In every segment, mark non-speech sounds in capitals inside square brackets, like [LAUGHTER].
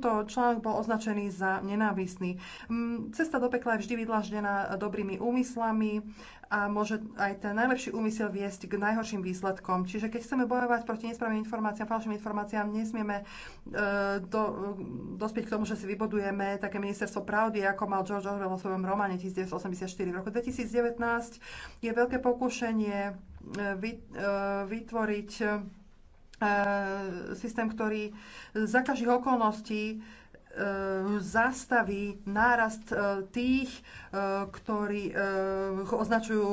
Tento článok bol označený za nenávisný. Mm, cesta do pekla je vždy vydlaždená dobrými úmyslami a môže aj ten najlepší úmysel viesť k najhorším výsledkom. Čiže keď chceme bojovať proti nesprávnym informáciám, falšným informáciám, nesmieme e, do, dospieť k tomu, že si vybodujeme také ministerstvo pravdy, ako mal George Orwell vo svojom románe 1984. V roku 2019 je veľké pokušenie e, e, vytvoriť E, systém, ktorý za každých okolností E, zastaví nárast e, tých, e, ktorí ho označujú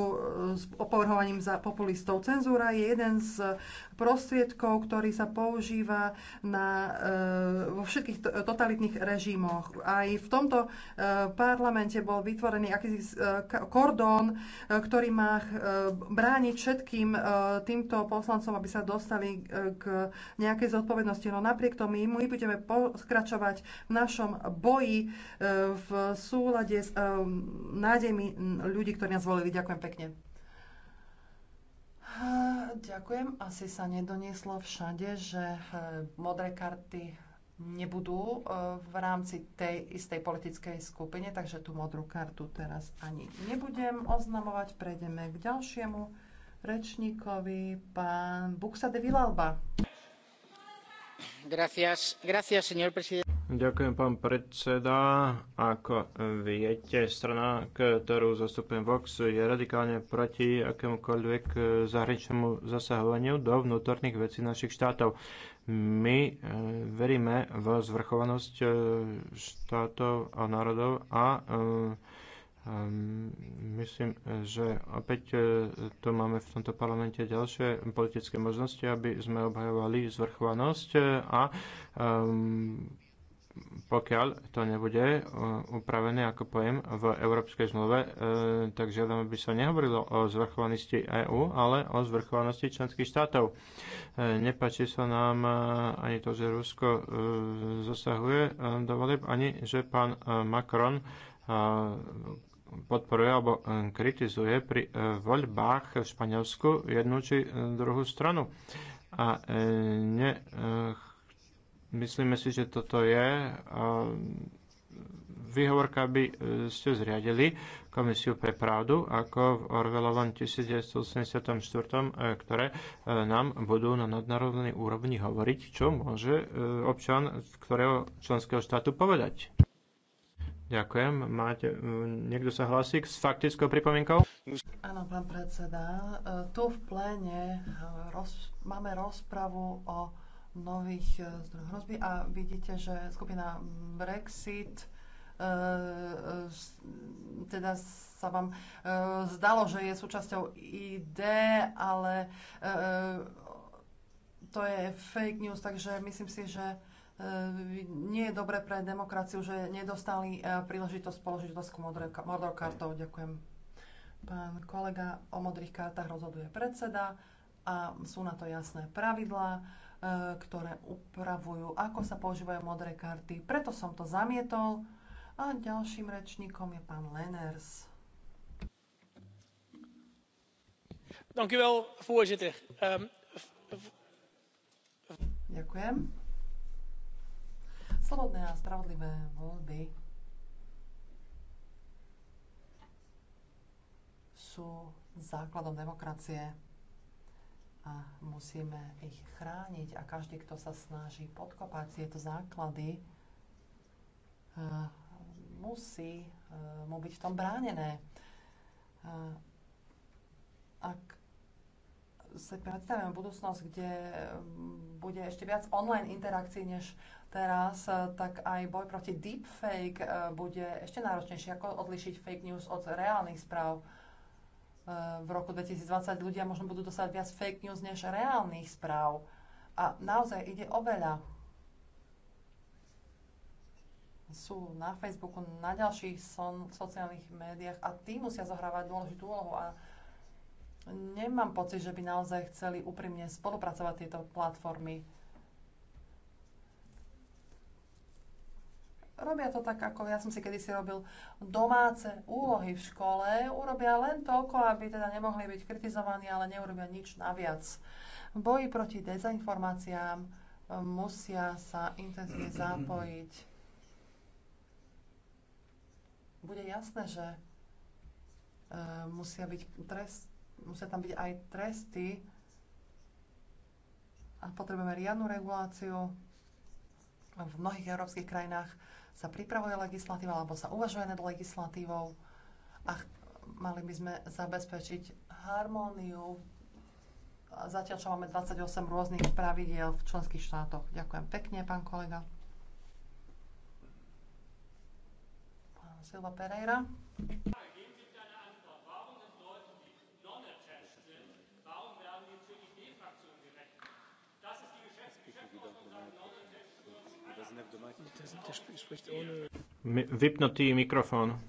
s opovrhovaním za populistov. Cenzúra je jeden z prostriedkov, ktorý sa používa na, vo všetkých totalitných režimoch. Aj v tomto parlamente bol vytvorený akýsi kordón, ktorý má brániť všetkým týmto poslancom, aby sa dostali k nejakej zodpovednosti. No napriek tomu my budeme pokračovať našom boji e, v súlade s e, nádejmi ľudí, ktorí nás volili. Ďakujem pekne. Ďakujem. Asi sa nedonieslo všade, že e, modré karty nebudú v rámci tej istej politickej skupine, takže tú modrú kartu teraz ani nebudem oznamovať. Prejdeme k ďalšiemu rečníkovi, pán Buxa de Vilalba. Gracias, gracias, señor presidente. Ďakujem, pán predseda. Ako viete, strana, ktorú zastupujem Vox, je radikálne proti akémukoľvek zahraničnému zasahovaniu do vnútorných vecí našich štátov. My e, veríme v zvrchovanosť e, štátov a národov a e, Myslím, že opäť tu máme v tomto parlamente ďalšie politické možnosti, aby sme obhajovali zvrchovanosť a pokiaľ to nebude e, upravené ako pojem v Európskej zmluve, e, tak žiadam, aby sa nehovorilo o zvrchovanosti EÚ, ale o zvrchovanosti členských štátov. E, nepáči sa nám ani to, že Rusko zasahuje do voleb, ani že pán Macron podporuje alebo kritizuje pri voľbách v Španielsku jednu či druhú stranu a nechce Myslíme si, že toto je výhovorka, aby e, ste zriadili Komisiu pre pravdu, ako v Orvelovom 1984, e, ktoré e, nám budú na nadnárodnej úrovni hovoriť, čo môže občan z ktorého členského štátu povedať. Ďakujem. Máte, niekto sa hlási s faktickou pripomienkou? Áno, pán predseda. Tu v pléne roz, máme rozpravu o nových e, zdrojov hrozby a vidíte, že skupina Brexit e, e, teda sa vám zdalo, že je súčasťou ID, ale to je fake news, takže myslím si, že nie je dobre pre demokraciu, že nedostali príležitosť položiť otázku modrou kartou. Ďakujem. Pán kolega, o modrých kartách rozhoduje predseda a sú na to jasné pravidlá. E, ktoré upravujú, ako sa používajú modré karty. Preto som to zamietol. A ďalším rečníkom je pán Leners. Ehm, Ďakujem. Slobodné a spravodlivé voľby sú základom demokracie a musíme ich chrániť a každý, kto sa snaží podkopať tieto základy, e, musí e, mu byť v tom bránené. E, ak si predstavíme budúcnosť, kde bude ešte viac online interakcií než teraz, tak aj boj proti deepfake bude ešte náročnejší, ako odlišiť fake news od reálnych správ v roku 2020 ľudia možno budú dostať viac fake news než reálnych správ. A naozaj ide o veľa. Sú na Facebooku, na ďalších son, sociálnych médiách a tí musia zohrávať dôležitú úlohu. A nemám pocit, že by naozaj chceli úprimne spolupracovať tieto platformy Robia to tak, ako ja som si kedysi robil domáce úlohy v škole. Urobia len toľko, aby teda nemohli byť kritizovaní, ale neurobia nič naviac. V boji proti dezinformáciám ehm, musia sa intenzívne zapojiť. Bude jasné, že ehm, musia, byť trest, musia tam byť aj tresty, a potrebujeme riadnu reguláciu v mnohých európskych krajinách sa pripravuje legislatíva alebo sa uvažuje nad legislatívou a mali by sme zabezpečiť harmóniu. Zatiaľ, čo máme 28 rôznych pravidiel v členských štátoch. Ďakujem pekne, pán kolega. Pán Silva Pereira. Das ist die Geschäftsordnung Vypnutý mikrofón.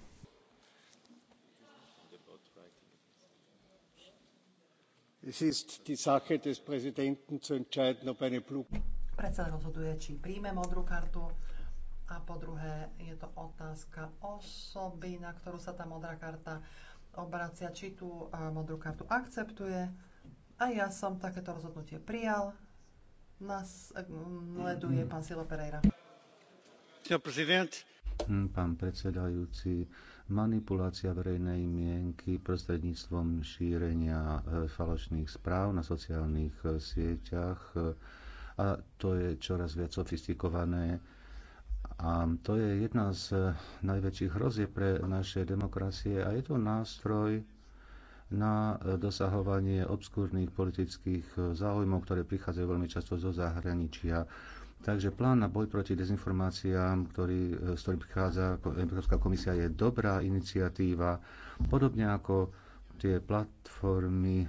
Predsa rozhoduje, či príjme modrú kartu a po druhé je to otázka osoby, na ktorú sa tá modrá karta obracia, či tú modrú kartu akceptuje. A ja som takéto rozhodnutie prijal nás eh, leduje pán Silo Pereira. Hm, pán predsedajúci, manipulácia verejnej mienky prostredníctvom šírenia eh, falošných správ na sociálnych eh, sieťach a to je čoraz viac sofistikované. A to je jedna z najväčších hrozie pre naše demokracie a je to nástroj, na dosahovanie obskúrnych politických záujmov, ktoré prichádzajú veľmi často zo zahraničia. Takže plán na boj proti dezinformáciám, ktorý, s ktorým prichádza Európska komisia, je dobrá iniciatíva, podobne ako tie platformy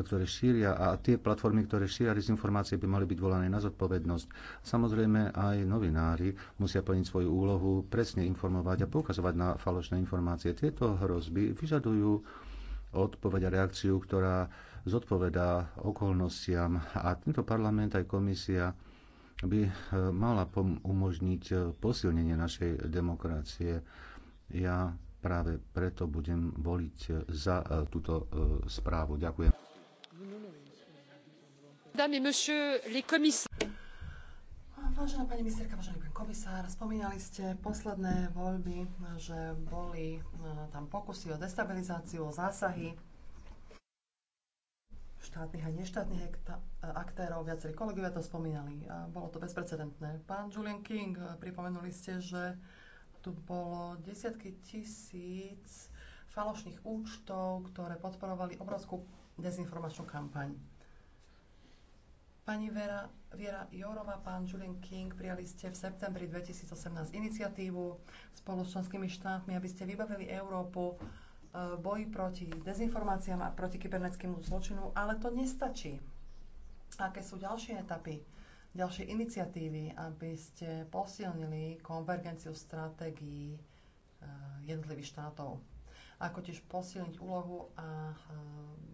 ktoré šíria a tie platformy, ktoré šíria dezinformácie, by mali byť volané na zodpovednosť. Samozrejme aj novinári musia plniť svoju úlohu, presne informovať a poukazovať na falošné informácie. Tieto hrozby vyžadujú odpoveď a reakciu, ktorá zodpovedá okolnostiam a tento parlament aj komisia by eh, mala umožniť eh, posilnenie našej demokracie. Ja práve preto budem voliť eh, za túto správu. Ďakujem. Vážená pani ministerka, vážený pán komisár, spomínali ste posledné voľby, že boli e, tam pokusy o destabilizáciu, o zásahy štátnych a neštátnych e, aktérov, viacerí kolegovia to spomínali. A bolo to bezprecedentné. Pán Julian King, e, pripomenuli ste, že tu bolo desiatky tisíc falošných účtov, ktoré podporovali obrovskú dezinformačnú kampaň. Pani Vera, Viera Jourova, pán Julian King, prijali ste v septembri 2018 iniciatívu spolu s členskými štátmi, aby ste vybavili Európu e, v boji proti dezinformáciám a proti kybernetickému zločinu, ale to nestačí. Aké sú ďalšie etapy, ďalšie iniciatívy, aby ste posilnili konvergenciu stratégií e, jednotlivých štátov? Ako tiež posilniť úlohu a e,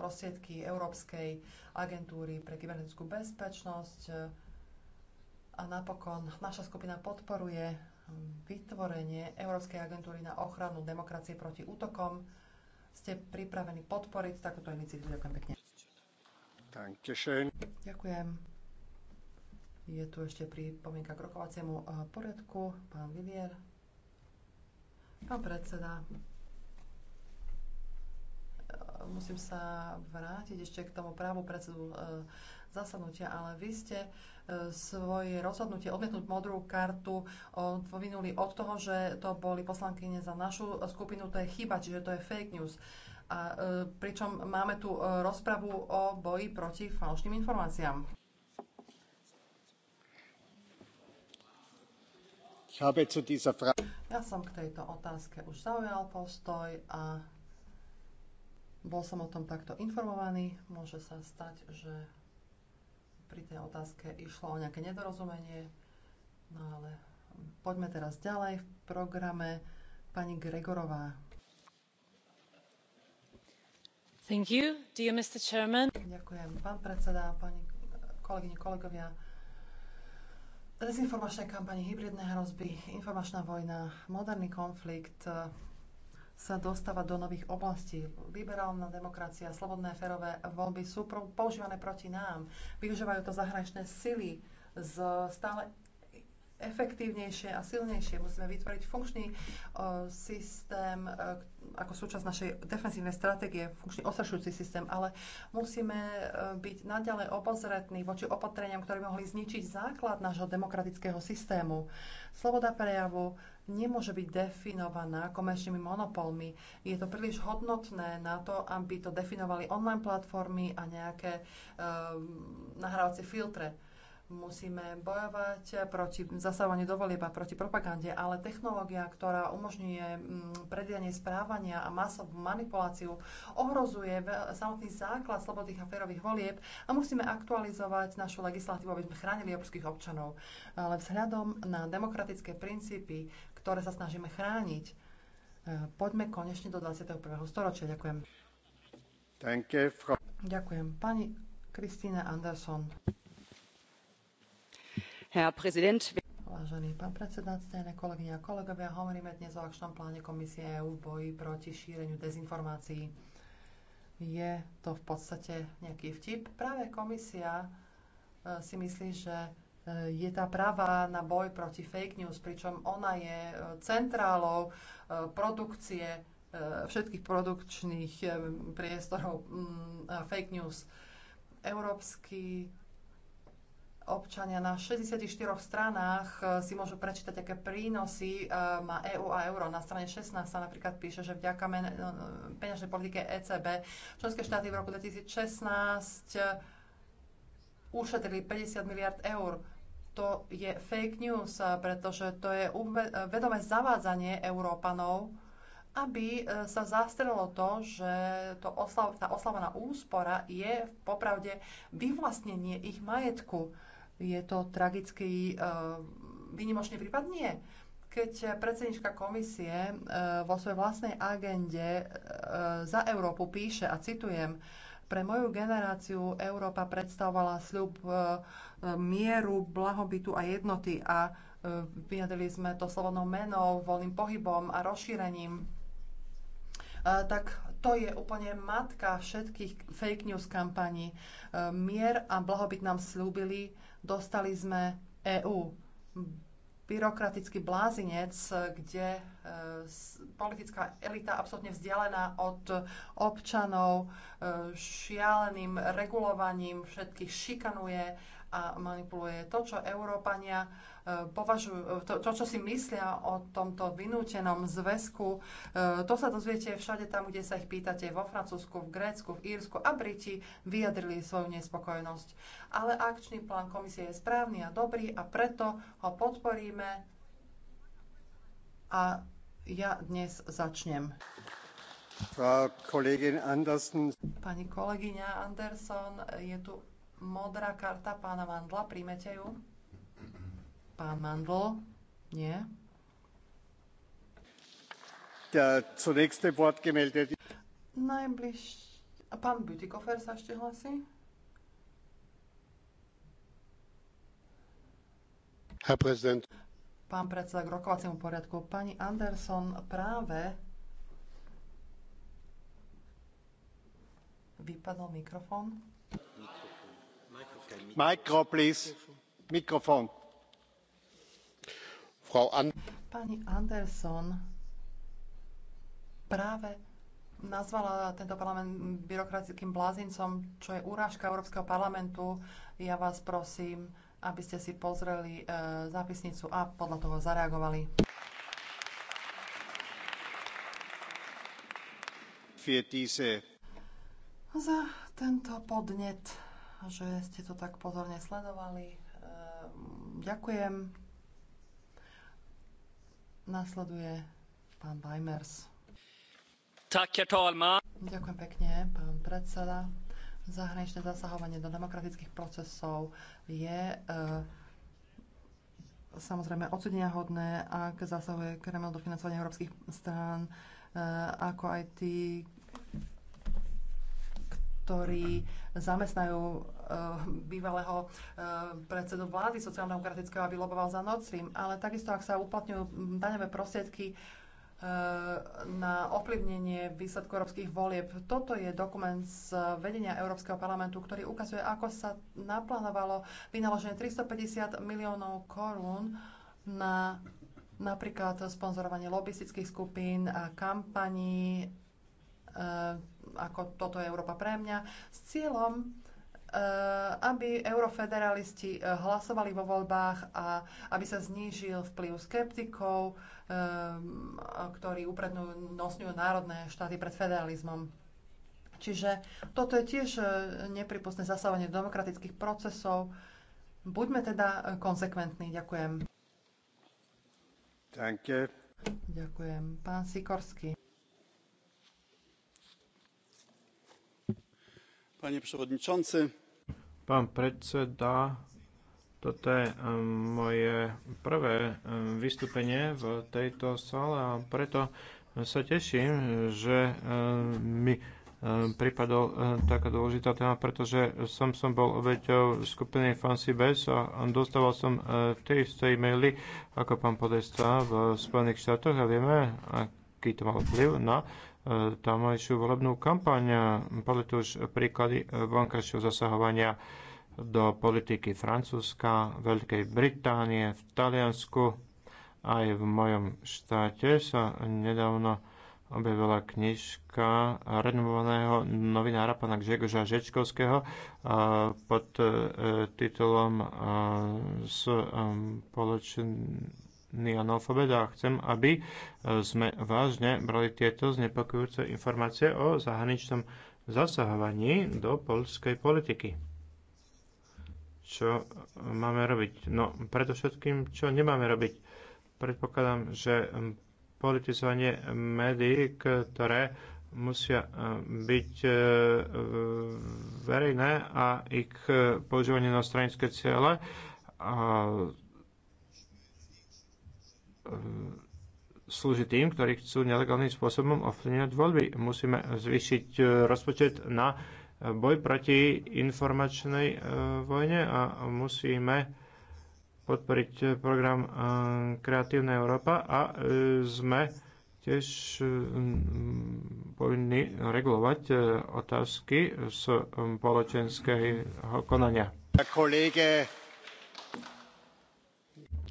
prostriedky Európskej agentúry pre kybernetickú bezpečnosť. A napokon naša skupina podporuje vytvorenie Európskej agentúry na ochranu demokracie proti útokom. Ste pripravení podporiť takúto iniciatívu? Ďakujem pekne. Ďakujem. Je tu ešte pripomienka k rokovaciemu eh, poriadku. Pán Vivier. Pán predseda, Eh, musím sa vrátiť ešte k tomu právu predsedu eh, zasadnutia, ale vy ste eh, svoje rozhodnutie odmietnúť modrú kartu vyvinuli od toho, že to boli poslankyne za našu skupinu, to je chyba, čiže to je fake news. A pričom máme tu rozpravu o boji proti falošným informáciám. Ja som k tejto otázke už zaujal postoj a bol som o tom takto informovaný. Môže sa stať, že pri tej otázke išlo o nejaké nedorozumenie. No ale poďme teraz ďalej v programe. Pani Gregorová. Thank you, dear Mr. Chairman. Ďakujem, pán predseda, pani kolegyne, kolegovia. Dezinformačné kampane, hybridné hrozby, informačná vojna, moderný konflikt, sa dostávať do nových oblastí. Liberálna demokracia, slobodné férové voľby sú používané proti nám. Využívajú to zahraničné sily z stále efektívnejšie a silnejšie. Musíme vytvoriť funkčný uh, systém uh, ako súčasť našej defensívnej stratégie, funkčný osašujúci systém, ale musíme uh, byť naďalej obozretní voči opatreniam, ktoré mohli zničiť základ nášho demokratického systému. Sloboda prejavu, nemôže byť definovaná komerčnými monopolmi. Je to príliš hodnotné na to, aby to definovali online platformy a nejaké uh, nahrávacie filtre. Musíme bojovať proti zasávaniu do a proti propagande, ale technológia, ktorá umožňuje mm, predviedanie správania a masovú manipuláciu, ohrozuje samotný základ slobodných a férových volieb a musíme aktualizovať našu legislatívu, aby sme chránili európskych občanov. Ale vzhľadom na demokratické princípy, ktoré sa snažíme chrániť. E, poďme konečne do 21. storočia. Ďakujem. Ďakujem. Pani Kristýna Anderson. Herr Präsident. Vážený pán predseda, ctené kolegyne a kolegovia, hovoríme dnes o akčnom pláne Komisie EÚ v boji proti šíreniu dezinformácií. Je to v podstate nejaký vtip. Práve komisia e, si myslí, že je tá práva na boj proti fake news, pričom ona je e, centrálou e, produkcie e, všetkých produkčných priestorov mm, fake news. Európsky občania na 64 stranách si môžu prečítať, aké prínosy má EÚ EU a euro. Na strane 16 sa napríklad píše, že vďaka peňažnej politike ECB členské štáty v roku 2016 ušetrili 50 miliard eur. To je fake news, eh, pretože to je eh, vedomé zavádzanie Európanov, aby eh, sa zastrelo to, že to oslav, tá oslavená úspora je v popravde vyvlastnenie ich majetku. Je to tragický, e, výnimočný prípad? Nie. Keď predsednička komisie vo svojej vlastnej agende za Európu píše, a citujem, pre moju generáciu Európa predstavovala sľub e, mieru, blahobytu a jednoty a e, vyjadrili sme to slobodnou menou, voľným pohybom a rozšírením. E, tak to je úplne matka všetkých fake news kampaní. Mier a blahobyt nám slúbili, dostali sme EÚ byrokratický blázinec, kde e, politická elita absolútne vzdialená od občanov e, šialeným regulovaním všetkých šikanuje a manipuluje to, čo Európania E, považujú, e, to, to, čo si myslia o tomto vynútenom zväzku, e, to sa dozviete všade tam, kde sa ich pýtate, vo Francúzsku, v Grécku, v Írsku a Briti vyjadrili svoju nespokojnosť. Ale akčný plán komisie je správny a dobrý a preto ho podporíme a ja dnes začnem. Pani kolegyňa Anderson, je tu modrá karta pána Vandla, príjmete ju? Pán Mandl? Nie. Najbliž... A pán Bütikofer sa ešte hlasí? Herr prezident. Pán predseda, k rokovaciemu poriadku. Pani Anderson práve vypadol mikrofón. Mikrofón, please. Mikrofón. Pani Anderson práve nazvala tento parlament byrokratickým blázincom, čo je urážka Európskeho parlamentu. Ja vás prosím, aby ste si pozreli e, zápisnicu a podľa toho zareagovali. Za tento podnet, že ste to tak pozorne sledovali, e, ďakujem. Nasleduje pán Weimers. Ďakujem pekne, pán predseda. Zahraničné zasahovanie do demokratických procesov je e, samozrejme odsudenia hodné, ak zasahuje Kreml do financovania európskych strán, e, ako aj tí, ktorí zamestnajú Eh, bývalého eh, predsedu vlády sociálno-demokratického, aby loboval za Nord Stream. Ale takisto, ak sa uplatňujú hm, daňové prostriedky eh, na ovplyvnenie výsledku európskych volieb. Toto je dokument z vedenia Európskeho parlamentu, ktorý ukazuje, ako sa naplánovalo vynaloženie 350 miliónov korún na napríklad sponzorovanie lobistických skupín a kampaní, ako toto je Európa pre mňa, s cieľom Eh, aby eurofederalisti eh, hlasovali vo voľbách a aby sa znížil vplyv skeptikov, eh, ktorí uprednú nosňujú národné štáty pred federalizmom. Čiže toto je tiež nepripustné zasávanie demokratických procesov. Buďme teda konsekventní. Ďakujem. Danke. Ďakujem. Pán Sikorský. przewodniczący. Pán predseda, toto je moje prvé vystúpenie v tejto sále a preto sa teším, že mi pripadol taká dôležitá téma, pretože som som bol obeťou skupiny Fancy Bass a dostával som e, tie isté e-maily ako pán Podesta v Spojených štátoch a vieme, aký to mal vplyv na no E, tamojšiu volebnú kampaň. Boli e, tu už príklady vonkajšieho zasahovania do politiky Francúzska, Veľkej Británie, v Taliansku. Aj v mojom štáte sa nedávno objavila knižka renomovaného novinára pana Gžegoža Žečkovského e, pod titulom Spoločný analfabet a chcem, aby e, sme vážne brali tieto znepokojúce informácie o zahraničnom zasahovaní do poľskej politiky. Čo e, máme robiť? No, predovšetkým, čo nemáme robiť? Predpokladám, že politizovanie médií, ktoré musia e, byť verejné a ich používanie na stranické ciele a E, slúži tým, ktorí chcú nelegálnym spôsobom ovplyvňovať voľby. Musíme zvýšiť e, rozpočet na e, boj proti informačnej vojne a musíme podporiť program Kreatívna Európa a sme tiež povinni regulovať otázky z poločenského konania.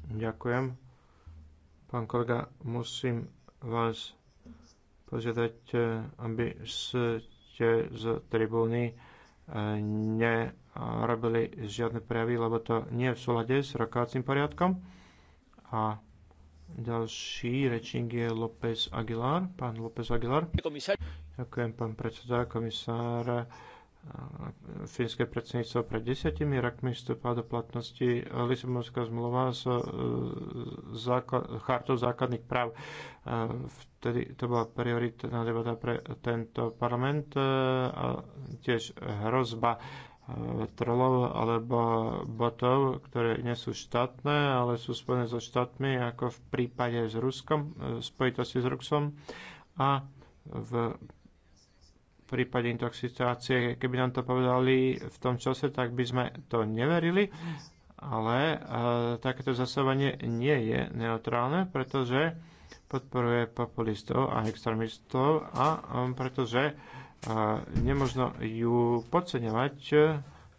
Ďakujem. Pán kolega, musím vás požiadať, eh, aby ste z tribúny eh, nerobili žiadne prejavy, lebo to nie je v súlade s rokovacím poriadkom. A ďalší rečník je López Aguilar. Pán López Aguilar. Ďakujem, pán predseda, komisár fínske predsedníctvo pred desiatimi rokmi vstúpila do platnosti Lisabonská zmluva s e, chartou základných práv. E, vtedy to bola prioritná debata pre tento parlament e, a tiež hrozba trolov alebo botov, ktoré nie sú štátne, ale sú spojené so štátmi, ako v prípade s Ruskom, spojitosti s Ruskom a v prípade intoxikácie. Keby nám to povedali v tom čase, tak by sme to neverili, ale e, takéto zasávanie nie je neutrálne, pretože podporuje populistov a extrémistov a um, pretože uh, nemožno ju podceňovať, e,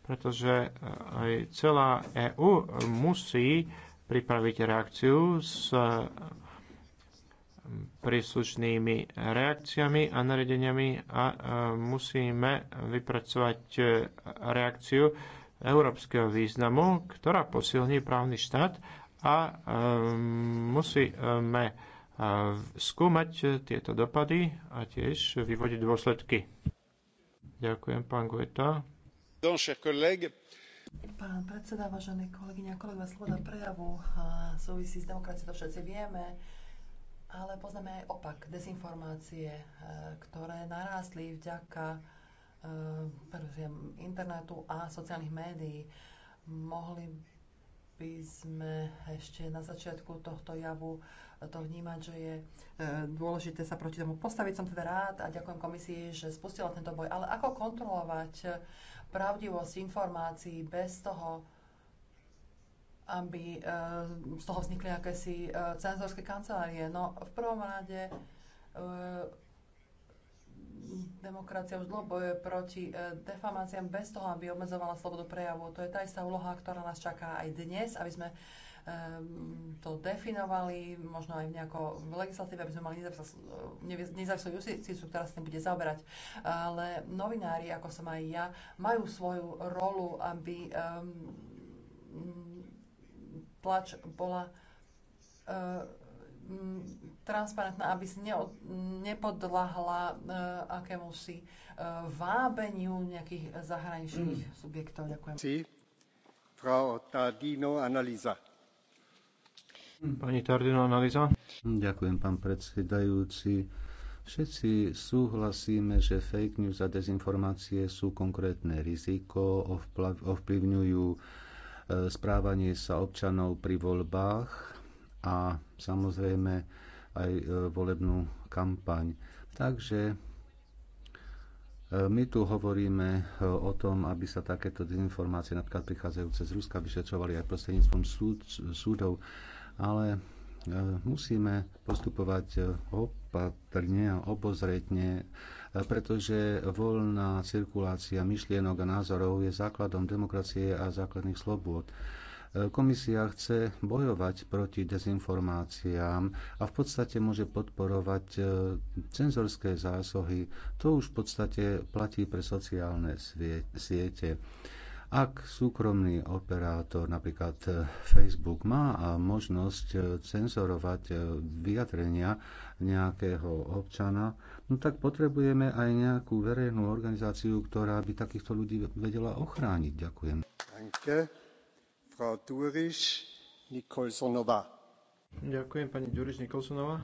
pretože aj celá EÚ musí pripraviť reakciu s príslušnými reakciami a nariadeniami a musíme vypracovať e, reakciu európskeho významu, ktorá posilní právny štát a e, musíme e, skúmať tieto dopady a tiež vyvodiť dôsledky. Ďakujem, pán Gueta. Pán predseda, vážené kolegyne a kolegovia, sloboda prejavu súvisí s demokraciou, to všetci vieme ale poznáme aj opak, dezinformácie, e, ktoré narástli vďaka e, internetu a sociálnych médií. Mohli by sme ešte na začiatku tohto javu to vnímať, že je e, dôležité sa proti tomu postaviť. Som teda rád a ďakujem komisii, že spustila tento boj. Ale ako kontrolovať pravdivosť informácií bez toho, aby e, z toho vznikli akési e, cenzorské kancelárie. No v prvom rade e, demokracia už dlho bojuje proti defamáciám bez toho, aby obmedzovala slobodu prejavu. To je tá istá úloha, ktorá nás čaká aj dnes, aby sme to definovali, možno aj nejako v legislatíve, aby sme mali nezávislú justíciu, ktorá sa tým bude zaoberať. Ale novinári, ako som aj ja, majú svoju rolu, aby um, tlač bola e, transparentná, aby si nepodlahla e, uh, si e, vábeniu nejakých zahraničných mm. subjektov. Ďakujem. Si, Frau Tardino Analýza. Mm, pani Tardino Analýza. Ďakujem, pán predsedajúci. Všetci súhlasíme, že fake news a dezinformácie sú konkrétne riziko, ovplyvňujú správanie sa občanov pri voľbách a samozrejme aj e, volebnú kampaň. Takže e, my tu hovoríme e, o tom, aby sa takéto informácie, napríklad prichádzajúce z Ruska, vyšetrovali aj prostredníctvom súd, súdov, ale E, musíme postupovať e, opatrne a obozretne, e, pretože voľná cirkulácia myšlienok a názorov je základom demokracie a základných slobôd. Komisia chce bojovať proti dezinformáciám a v podstate môže podporovať cenzorské zásohy. To už v podstate platí pre sociálne siete. Ak súkromný operátor, napríklad eh, Facebook, má eh, možnosť eh, cenzorovať vyjadrenia nejakého občana, no tak potrebujeme aj nejakú verejnú organizáciu, ktorá by takýchto ľudí vedela ochrániť. Ďakujem. Danke. Frau Duriš Nikolsonová. Ďakujem pani Duriš Nikolsonová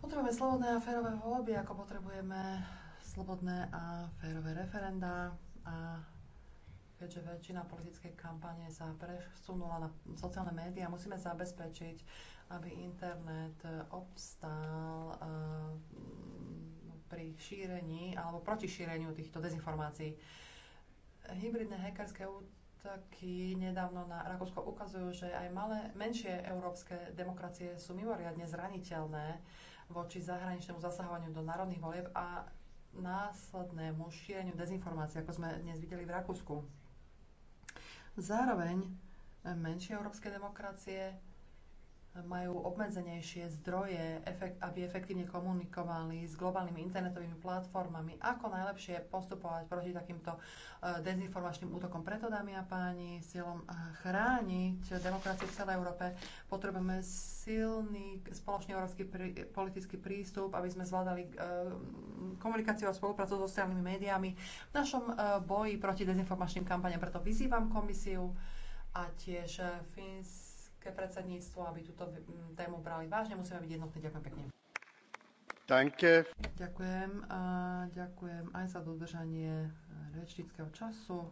Potrebujeme slobodné a férové voľby, ako potrebujeme slobodné a férové referenda a keďže väčšina politickej kampane sa presunula na sociálne médiá, musíme zabezpečiť, aby internet e, obstál e, pri šírení alebo proti šíreniu týchto dezinformácií. Hybridné hackerské útoky nedávno na Rakúsko ukazujú, že aj malé, menšie európske demokracie sú mimoriadne zraniteľné voči zahraničnému zasahovaniu do národných volieb a následnému šíreniu dezinformácií, ako sme dnes videli v Rakúsku. Zároveň menšie európske demokracie majú obmedzenejšie zdroje, aby efektívne komunikovali s globálnymi internetovými platformami, ako najlepšie postupovať proti takýmto e, dezinformačným útokom. Preto, dámy a páni, s cieľom chrániť demokraciu v celej Európe potrebujeme silný spoločný európsky prí, politický prístup, aby sme zvládali e, komunikáciu a spoluprácu s sociálnymi médiami v našom e, boji proti dezinformačným kampaniam. Preto vyzývam komisiu a tiež Fins ke predsedníctvo, aby túto mm, tému brali vážne. Musíme byť jednotní. Ďakujem pekne. Danke. Ďakujem a ďakujem aj za dodržanie rečníckého času.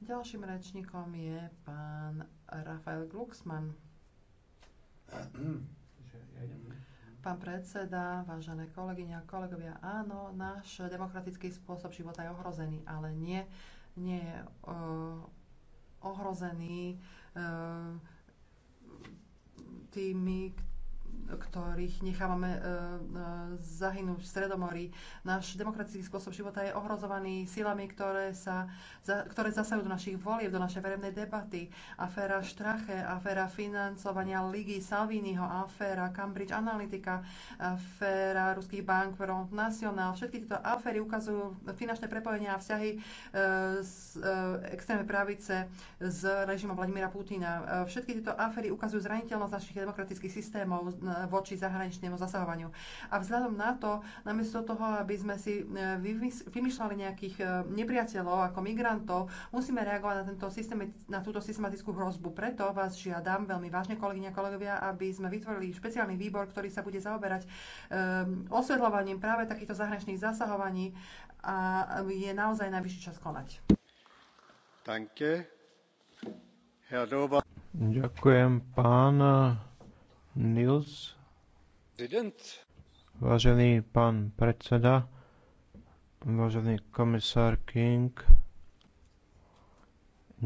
Ďalším rečníkom je pán Rafael Glucksmann. Pán predseda, vážené kolegyne a kolegovia, áno, náš demokratický spôsob života je ohrozený, ale nie, nie je uh, ohrozený uh, tými, ktorých nechávame e, e, zahynúť v Stredomorí. Náš demokratický spôsob života je ohrozovaný silami, ktoré, sa, za, ktoré zasajú do našich volieb, do našej verejnej debaty. Aféra Štrache, aféra financovania Ligy Salviniho, aféra Cambridge Analytica, aféra ruských bank Front National. Všetky tieto aféry ukazujú finančné prepojenia a vzťahy e, z extrémnej pravice s režimom Vladimíra Putina. Všetky tieto aféry ukazujú zraniteľnosť našich demokratických systémov, voči zahraničnému zasahovaniu. A vzhľadom na to, namiesto toho, aby sme si e, vymýšľali nejakých e, nepriateľov ako migrantov, musíme reagovať na, tento systém, na túto systematickú hrozbu. Preto vás žiadam veľmi vážne, kolegyne a kolegovia, aby sme vytvorili špeciálny výbor, ktorý sa bude zaoberať e, osvetľovaním práve takýchto zahraničných zasahovaní a je naozaj najvyšší čas konať. Danke. Herr Dober. Ďakujem, pán Nils. Vážený pán predseda, vážený komisár King,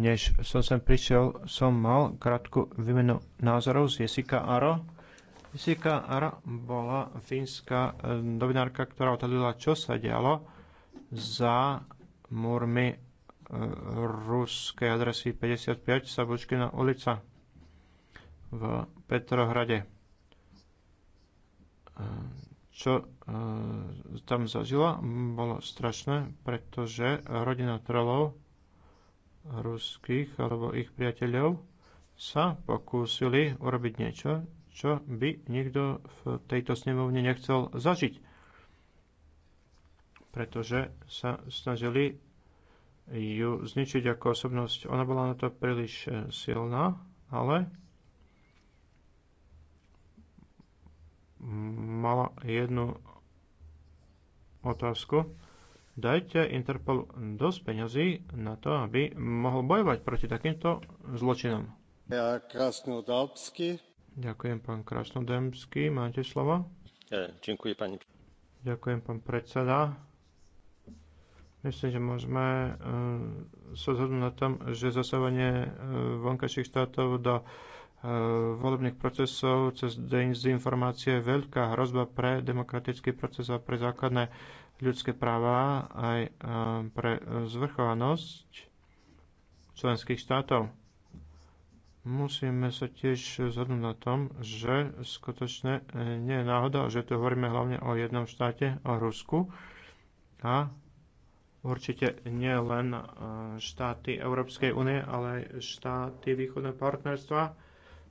než som sem prišiel, som mal krátku výmenu názorov z Jessica Aro. Jessica Aro bola fínska e, novinárka, ktorá odhadila, čo sa dialo za múrmi e, ruskej adresy 55 Sabučkina ulica v Petrohrade. E, čo e, tam zažila, bolo strašné, pretože rodina trolov ruských alebo ich priateľov sa pokúsili urobiť niečo, čo by nikto v tejto snemovne nechcel zažiť. Pretože sa snažili ju zničiť ako osobnosť. Ona bola na to príliš e, silná, ale mala jednu otázku. Dajte Interpol dosť peňazí na to, aby mohol bojovať proti takýmto zločinom. Ja, Krasnodabsky. Ďakujem, pán Krasnodemský. Máte slovo? Ja, ďakujem, pani. Ďakujem, pán predseda. Myslím, že môžeme uh, sa zhodnúť na tom, že zasávanie uh, eh, vonkajších štátov do uh, E, volebných procesov cez dezinformácie je veľká hrozba pre demokratický proces a pre základné ľudské práva aj e, pre zvrchovanosť členských štátov. Musíme sa tiež zhodnúť na tom, že skutočne e, nie je náhoda, že tu hovoríme hlavne o jednom štáte, o Rusku a určite nie len štáty Európskej únie, ale aj štáty východného partnerstva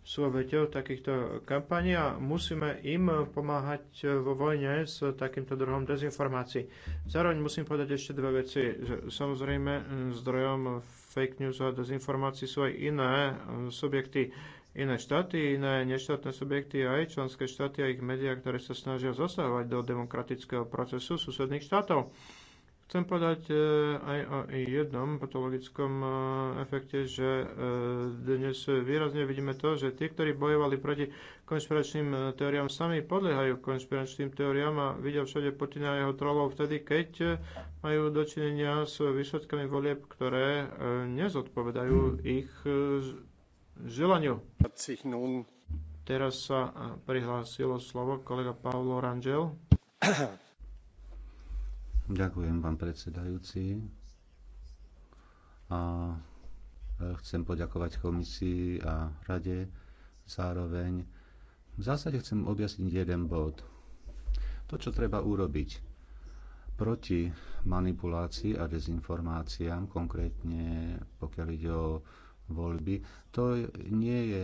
sú obeťou takýchto kampaní a musíme im pomáhať vo vojne s takýmto druhom dezinformácií. Zároveň musím povedať ešte dve veci. Samozrejme, zdrojom fake news a dezinformácií sú aj iné eh, subjekty, iné štáty, iné neštátne subjekty aj členské štáty a ich médiá, ktoré sa snažia zasahovať do demokratického procesu susedných štátov Chcem povedať e, aj o jednom patologickom e, efekte, že e, dnes výrazne vidíme to, že tí, ktorí bojovali proti konšpiračným teóriám, sami podliehajú konšpiračným teóriám a vidia všade Putina a jeho trolov vtedy, keď majú dočinenia s výsledkami volieb, ktoré nezodpovedajú ich želaniu. Teraz sa prihlásilo slovo kolega Paolo Rangel. [COUGHS] Ďakujem, pán predsedajúci. A e, chcem poďakovať komisii a rade zároveň. V zásade chcem objasniť jeden bod. To, čo treba urobiť proti manipulácii a dezinformáciám, konkrétne pokiaľ ide o voľby, to nie je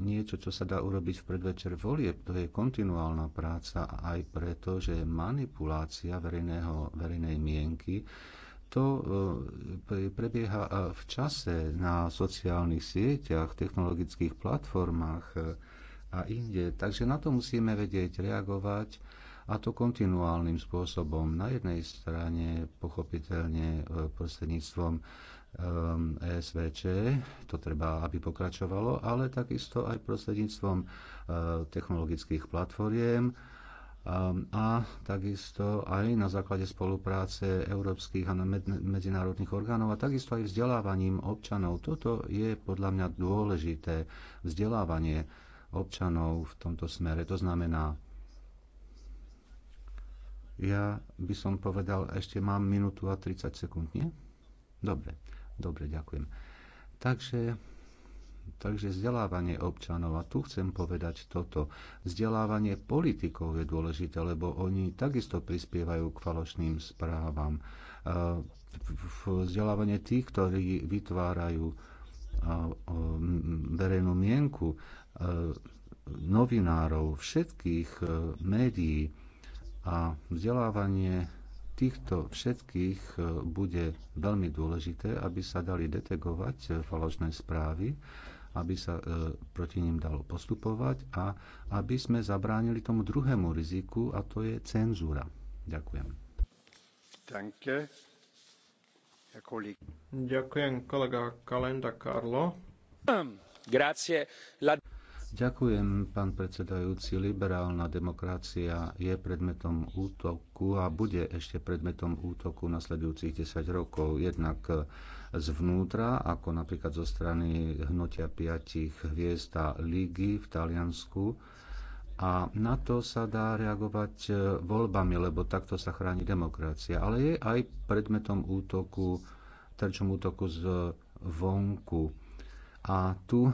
niečo, čo sa dá urobiť v predvečer volieb. To je kontinuálna práca aj preto, že manipulácia verejného, verejnej mienky to e, prebieha e, v čase na sociálnych sieťach, technologických platformách e, a inde. Takže na to musíme vedieť reagovať a to kontinuálnym spôsobom. Na jednej strane pochopiteľne prostredníctvom Um, ESVČ, to treba, aby pokračovalo, ale takisto aj prostredníctvom uh, technologických platformiem um, a takisto aj na základe spolupráce európskych a medzinárodných orgánov a takisto aj vzdelávaním občanov. Toto je podľa mňa dôležité vzdelávanie občanov v tomto smere. To znamená ja by som povedal, ešte mám minútu a 30 sekúnd, nie? Dobre. Dobre, ďakujem. Takže, takže vzdelávanie občanov, a tu chcem povedať toto, vzdelávanie politikov je dôležité, lebo oni takisto prispievajú k falošným správam. E, vzdelávanie tých, ktorí vytvárajú e, verejnú mienku, e, novinárov, všetkých médií a vzdelávanie týchto všetkých e, bude veľmi dôležité, aby sa dali detegovať e, falošné správy, aby sa e, proti ním dalo postupovať a aby sme zabránili tomu druhému riziku, a to je cenzúra. Ďakujem. Danke. Ďakujem kolega Kalenda Karlo. Grazie. La... Ďakujem, pán predsedajúci. Liberálna demokracia je predmetom útoku a bude ešte predmetom útoku nasledujúcich 10 rokov. Jednak zvnútra, ako napríklad zo strany hnutia piatich hviezd a lígy v Taliansku. A na to sa dá reagovať voľbami, lebo takto sa chráni demokracia. Ale je aj predmetom útoku, terčom útoku z vonku. A tu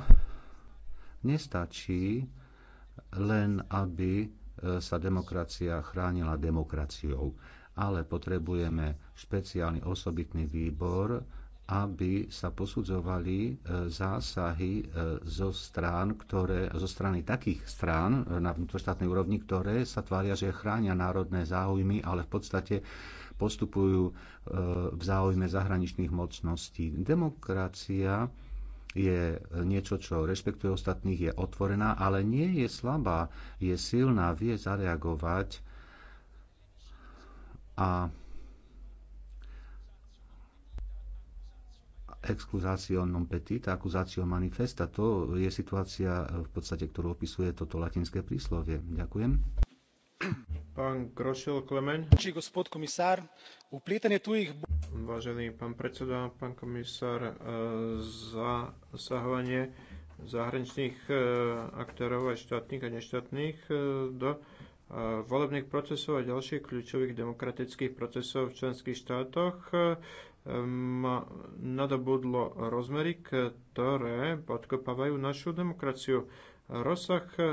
Nestačí len, aby e, sa demokracia chránila demokraciou, ale potrebujeme špeciálny osobitný výbor, aby sa posudzovali e, zásahy e, zo, strán, ktoré, zo strany takých strán na vnútroštátnej úrovni, ktoré sa tvária, že chránia národné záujmy, ale v podstate postupujú v záujme zahraničných mocností. Demokracia je niečo, čo rešpektuje ostatných, je otvorená, ale nie je slabá, je silná, vie zareagovať a excusacio non petita, accusatio manifesta. To je situácia, v podstate, ktorú opisuje toto latinské príslovie. Ďakujem. Grošil gospod Vážený pán predseda, pán komisár, e, zasahovanie zahraničných e, aktérov aj štátnych a neštátnych e, do volebných procesov a ďalších kľúčových demokratických procesov v členských štátoch ma nadobudlo rozmery, ktoré podkopávajú našu demokraciu. Rozsah e,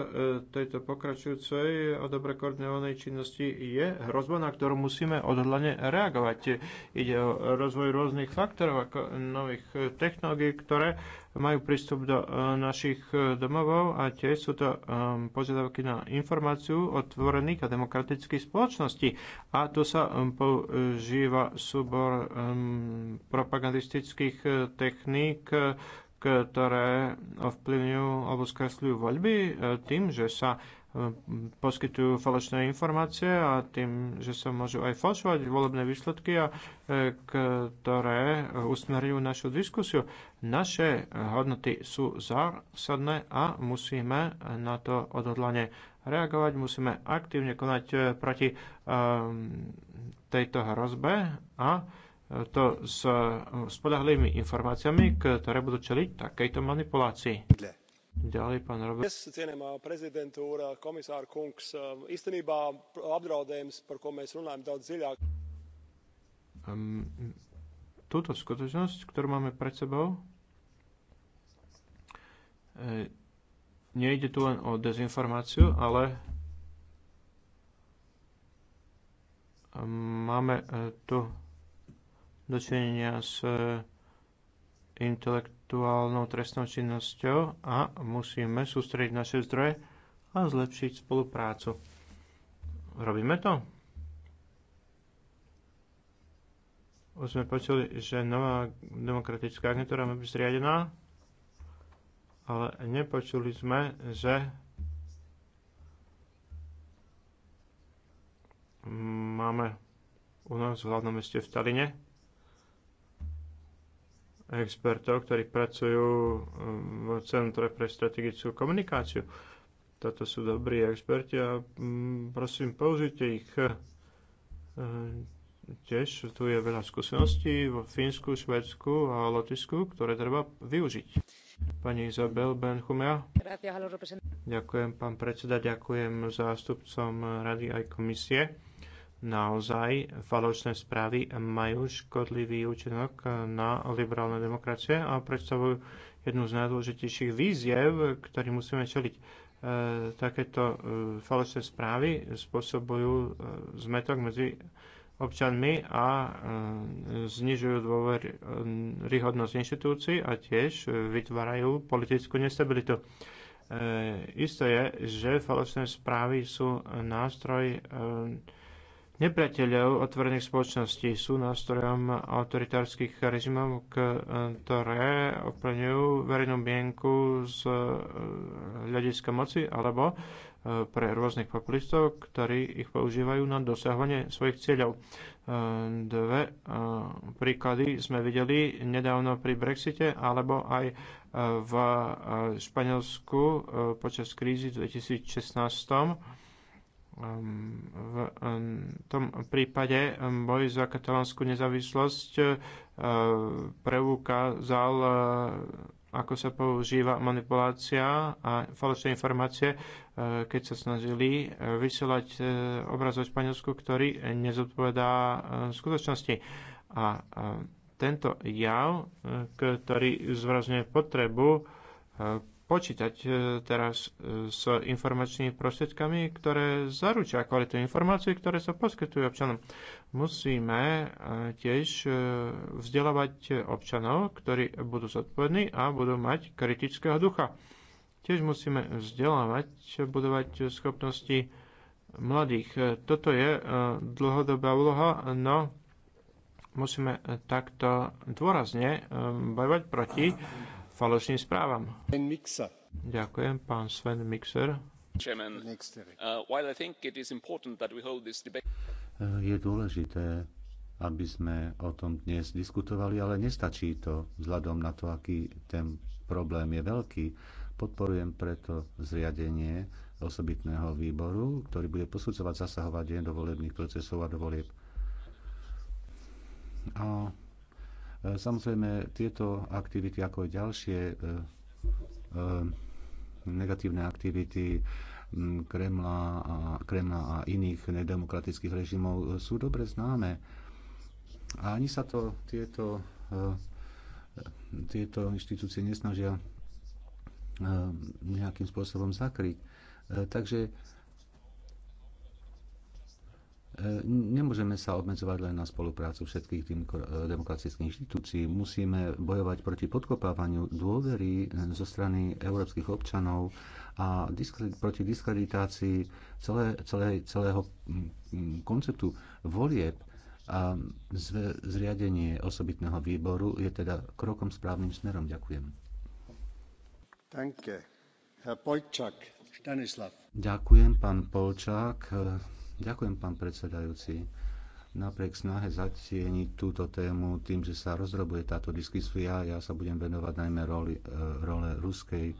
tejto pokračujúcej a dobre koordinovanej činnosti je hrozba, na ktorú musíme odhľadne reagovať. Ide o rozvoj rôznych faktorov, ako nových e, technológií, ktoré majú prístup do e, našich domovov a tie sú to požiadavky na informáciu otvorených a demokratických spoločností. A tu sa používa súbor propagandistických techník, ktoré ovplyvňujú alebo skresľujú voľby e, tým, že sa e, poskytujú falošné informácie a tým, že sa môžu aj falšovať volebné výsledky, a, e, ktoré usmerňujú našu diskusiu. Naše hodnoty sú zásadné a musíme na to odhodlane reagovať, musíme aktívne konať proti tejto hrozbe a to s e, spolahlivými informáciami, ktoré budú čeliť takejto manipulácii. Ďalej, pán Robert. Dnes, Cienījamā prezidentūra, komisár kungs, īstenībā e, apdraudējums, par ko mēs runājam daudz dziļāk. Um, túto skutočnosť, ktorú máme pred sebou, e, nejde tu len o dezinformáciu, ale máme e, tu dočinenia s e, intelektuálnou trestnou činnosťou a musíme sústrediť naše zdroje a zlepšiť spoluprácu. Robíme to? Už sme počuli, že nová demokratická agentúra má byť zriadená, ale nepočuli sme, že máme u nás v hlavnom meste v Taline expertov, ktorí pracujú um, v Centre pre strategickú komunikáciu. Toto sú dobrí experti a mm, prosím, použite ich. Eh, tiež tu je veľa skúseností vo Fínsku, Švedsku a Lotisku, ktoré treba využiť. Pani Izabel Benchumea. Ďakujem, pán predseda, ďakujem zástupcom Rady aj komisie naozaj falošné správy majú škodlivý účinok na liberálne demokracie a predstavujú jednu z najdôležitejších víziev, ktorý musíme čeliť. E, takéto e, falošné správy spôsobujú e, zmetok medzi občanmi a znižujú dôveryhodnosť inštitúcií a tiež vytvárajú politickú nestabilitu. Isto je, že falošné správy sú nástroj Nepriateľov otvorených spoločností sú nástrojom autoritárskych režimov, ktoré oplňujú verejnú mienku z e, hľadiska moci alebo e, pre rôznych populistov, ktorí ich používajú na dosahovanie svojich cieľov. E, dve príklady sme videli nedávno pri Brexite alebo aj v Španielsku počas krízy v 2016 Ehm, v ehm, tom prípade ehm, boj za katalánsku nezávislosť eh, preukázal, eh, ako sa používa manipulácia a falošné informácie, eh, keď sa snažili vysielať obraz o Španielsku, ktorý nezodpovedá skutočnosti. A tento jav, ktorý zvrazňuje potrebu počítať e, teraz e, s informačnými prostriedkami, ktoré zaručia kvalitu informácií, ktoré sa poskytujú občanom. Musíme e, tiež vzdelávať občanov, ktorí budú zodpovední a budú mať kritického ducha. Tiež musíme vzdelávať, budovať schopnosti mladých. Toto je dlhodobá úloha, no musíme takto dôrazne bojovať proti falošným správam. Ďakujem, pán Sven Mixer. Uh, uh, je dôležité, aby sme o tom dnes diskutovali, ale nestačí to vzhľadom na to, aký ten problém je veľký. Podporujem preto zriadenie osobitného výboru, ktorý bude posudzovať zasahovanie do volebných procesov a do volieb. A E, samozrejme, tieto aktivity, ako aj ďalšie e, e, negatívne aktivity Kremla a, Kremla a iných nedemokratických režimov sú dobre známe. A ani sa to tieto, tieto inštitúcie nesnažia nejakým spôsobom zakryť. Takže E, nemôžeme sa obmedzovať len na spoluprácu všetkých e, demokratických inštitúcií. Musíme bojovať proti podkopávaniu dôvery zo strany európskych občanov a proti diskreditácii celé, celé, celého mm, mm, konceptu volieb. A zriadenie osobitného výboru je teda krokom správnym smerom. Ďakujem. Danke. Herr Stanislav. Ďakujem, pán Polčák. Ďakujem, pán predsedajúci. Napriek snahe zatieniť túto tému tým, že sa rozrobuje táto diskusia, ja sa budem venovať najmä roli, e, role ruskej e,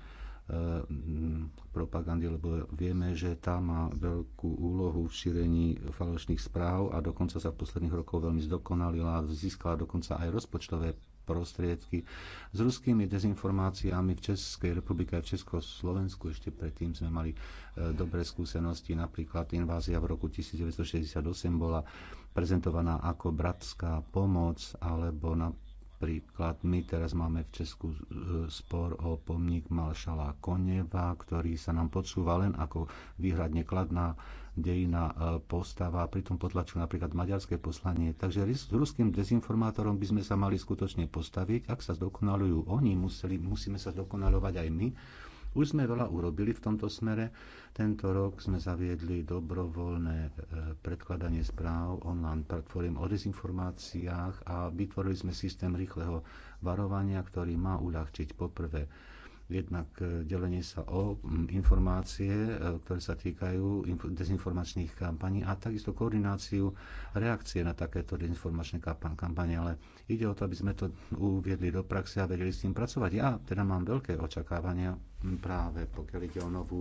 propagandy, lebo vieme, že tá má veľkú úlohu v šírení falošných správ a dokonca sa v posledných rokoch veľmi zdokonalila a získala dokonca aj rozpočtové prostriedky. S ruskými dezinformáciami v Českej republike a v Československu ešte predtým sme mali e, dobré skúsenosti. Napríklad invázia v roku 1968 bola prezentovaná ako bratská pomoc, alebo napríklad my teraz máme v Česku e, spor o pomník Malšala Koneva, ktorý sa nám podsúva len ako výhradne kladná dejina e, postava a pritom potlačil napríklad maďarské poslanie. Takže s ruským dezinformátorom by sme sa mali skutočne postaviť. Ak sa zdokonalujú oni, museli, musíme sa zdokonalovať aj my. Už sme veľa urobili v tomto smere. Tento rok sme zaviedli dobrovoľné e, predkladanie správ online platform o dezinformáciách a vytvorili sme systém rýchleho varovania, ktorý má uľahčiť poprvé jednak e, delenie sa o informácie, e, ktoré sa týkajú dezinformačných kampaní a takisto koordináciu reakcie na takéto dezinformačné kampanie. Ale ide o to, aby sme to uviedli do praxe a vedeli s tým pracovať. Ja teda mám veľké očakávania práve pokiaľ ide o novú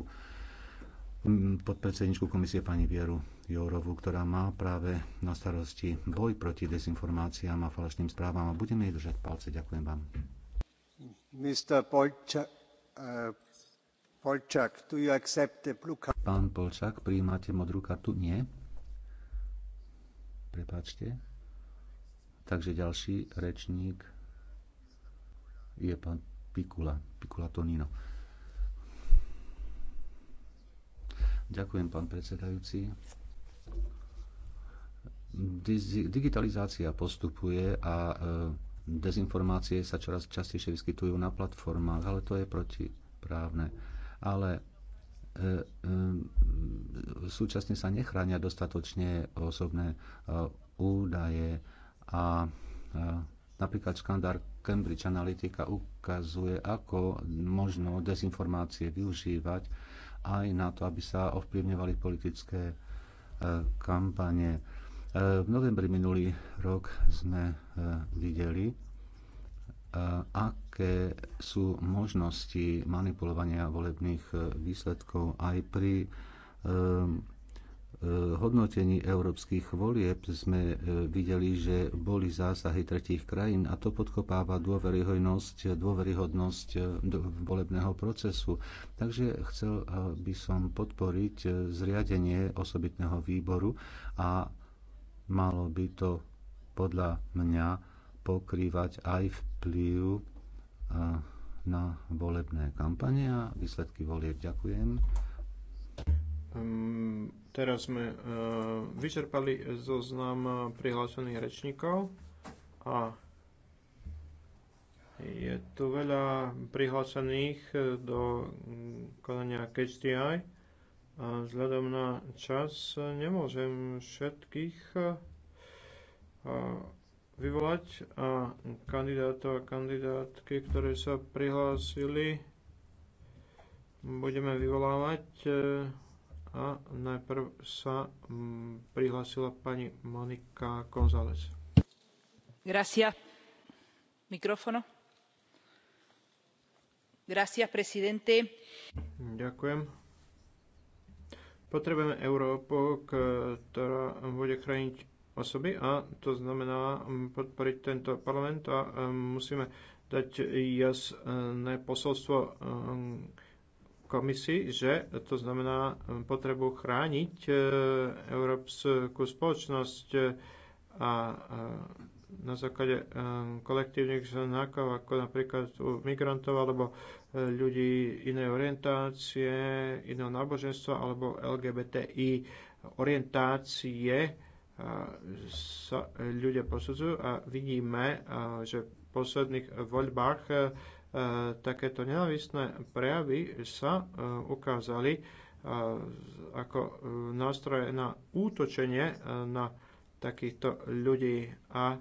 podpredsedničku komisie pani Vieru Jourovu, ktorá má práve na starosti boj proti dezinformáciám a falašným správam a budeme jej držať palce. Ďakujem vám. Eh, pán Polčak, prijímate modrú kartu? Nie. Prepáčte. Takže ďalší rečník je pán Pikula, Pikula Tonino. Ďakujem, pán predsedajúci. Digitalizácia postupuje a eh, Dezinformácie sa čoraz častejšie vyskytujú na platformách, ale to je protiprávne. Ale e, e, súčasne sa nechránia dostatočne osobné e, údaje a e, napríklad škandár Cambridge Analytica ukazuje, ako možno dezinformácie využívať aj na to, aby sa ovplyvňovali politické e, kampane E, v novembri minulý rok sme e, videli, e, aké sú možnosti manipulovania volebných výsledkov aj pri hodnotení európskych volieb sme videli, že boli zásahy tretích krajín a to podkopáva dôveryhodnosť, dôveryhodnosť volebného procesu. Takže chcel by som podporiť zriadenie osobitného výboru a Malo by to podľa mňa pokrývať aj vplyv eh, na volebné kampanie a výsledky volieb. Ďakujem. Um, teraz sme uh, vyčerpali zoznam eh, prihlásených rečníkov a je tu veľa prihlásených do mm, konania KHTI. A vzhľadom na čas eh, nemôžem všetkých eh, vyvolať a kandidátov a kandidátky, ktoré sa prihlásili, budeme vyvolávať eh, a najprv sa mm, prihlásila pani Monika González. Gracias. Mikrofono. Gracias, presidente. Ďakujem Potrebujeme Európu, ktorá bude chrániť osoby a to znamená podporiť tento parlament a e, musíme dať jasné posolstvo e, komisii, že to znamená potrebu chrániť e, európsku spoločnosť a na základe kolektívnych znakov, ako napríklad u migrantov alebo ľudí inej orientácie, iného náboženstva alebo LGBTI orientácie sa ľudia posudzujú a vidíme, že v posledných voľbách takéto nenavistné prejavy sa ukázali ako e, nástroje na útočenie na takýchto ľudí a e,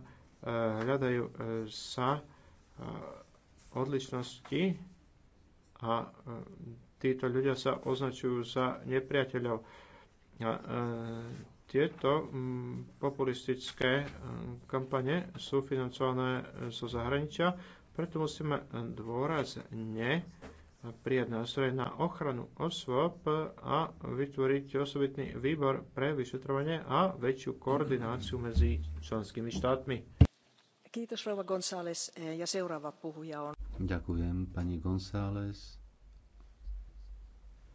hľadajú e, sa odlišnosti a e, títo ľudia sa označujú za nepriateľov. A e, tieto populistické e, kampane sú financované zo zahraničia, preto musíme dôrazne prijať nástroje na ochranu osôb a vytvoriť osobitný výbor pre vyšetrovanie a väčšiu koordináciu medzi členskými štátmi. Ďakujem pani González.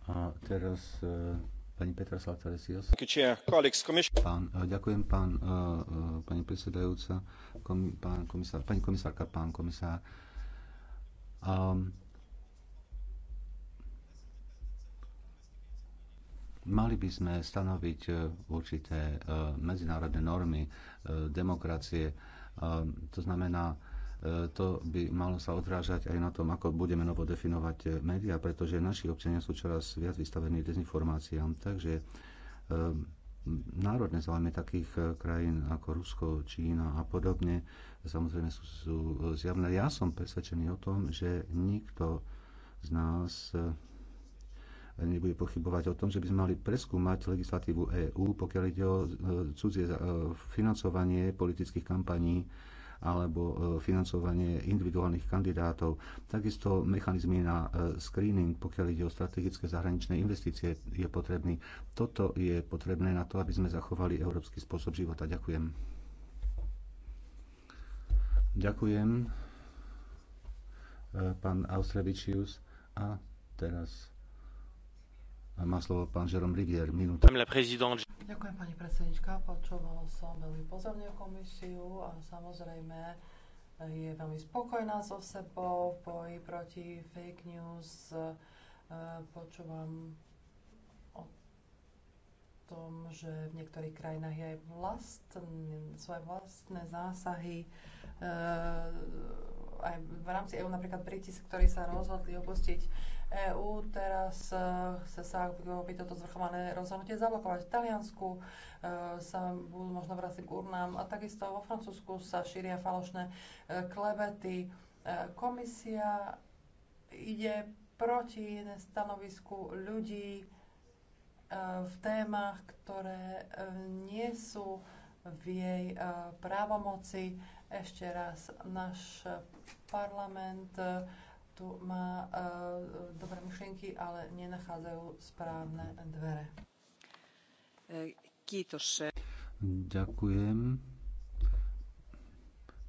A teraz e, pani Petra Salcaresios. Pán, e, ďakujem pán, e, pani predsedajúca, kom, pán komisár, pani komisárka, pán komisár. Um, mali by sme stanoviť určité medzinárodné normy demokracie. To znamená, E, to by malo sa odrážať aj na tom, ako budeme novo definovať e, médiá, pretože naši občania sú čoraz viac vystavení dezinformáciám. Takže e, národné záujmy takých krajín ako Rusko, Čína a podobne samozrejme sú, sú zjavné. Ja som presvedčený o tom, že nikto z nás nebude pochybovať o tom, že by sme mali preskúmať legislatívu EÚ, pokiaľ ide o cudzie financovanie politických kampaní alebo e, financovanie individuálnych kandidátov. Takisto mechanizmy na e, screening, pokiaľ ide o strategické zahraničné investície, je potrebný. Toto je potrebné na to, aby sme zachovali európsky spôsob života. Ďakujem. Ďakujem, e, pán Austrevičius. A teraz má slovo pán Žerom Rivier, minúta. Ďakujem, pani predsednička. Počúvala som veľmi pozorne komisiu a samozrejme eh, je veľmi spokojná so sebou v boji proti fake news. Eh, počúvam o tom, že v niektorých krajinách je aj vlastný, svoje vlastné zásahy eh, aj v rámci EU napríklad Briti, ktorí sa rozhodli opustiť EÚ teraz e, chce sa by toto zvrchované rozhodnutie zablokovať. V Taliansku e, sa budú možno vrátiť k urnám a takisto vo Francúzsku sa šíria falošné e, klebety. Komisia ide proti stanovisku ľudí v témach, ktoré nie sú v jej právomoci. Ešte raz, náš parlament tu má e, dobré myšlienky, ale nenachádzajú správne dvere. E, Kýtoše. Ďakujem.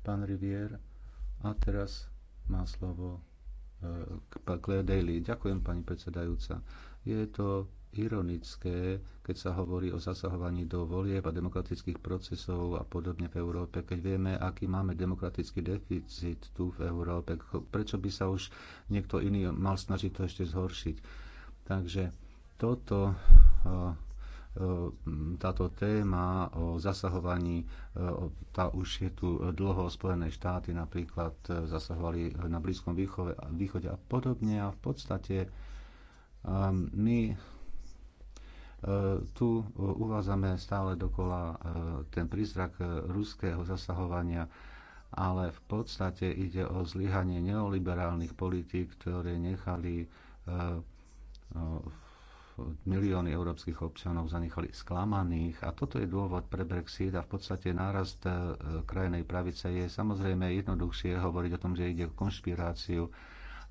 Pán Rivier, a teraz má slovo e, Claire Daly. Ďakujem, pani predsedajúca. Je to ironické, keď sa hovorí o zasahovaní do volieb a demokratických procesov a podobne v Európe, keď vieme, aký máme demokratický deficit tu v Európe. Prečo by sa už niekto iný mal snažiť to ešte zhoršiť? Takže toto e, e, táto téma o zasahovaní, e, tá už je tu dlho, Spojené štáty napríklad zasahovali na Blízkom východe a podobne a v podstate my E, tu e, uvádzame stále dokola e, ten prízrak ruského zasahovania, ale v podstate ide o zlyhanie neoliberálnych politík, ktoré nechali no, milióny európskych občanov zanechali sklamaných a toto je dôvod pre Brexit a v podstate nárast krajnej pravice je samozrejme jednoduchšie hovoriť o tom, že ide o konšpiráciu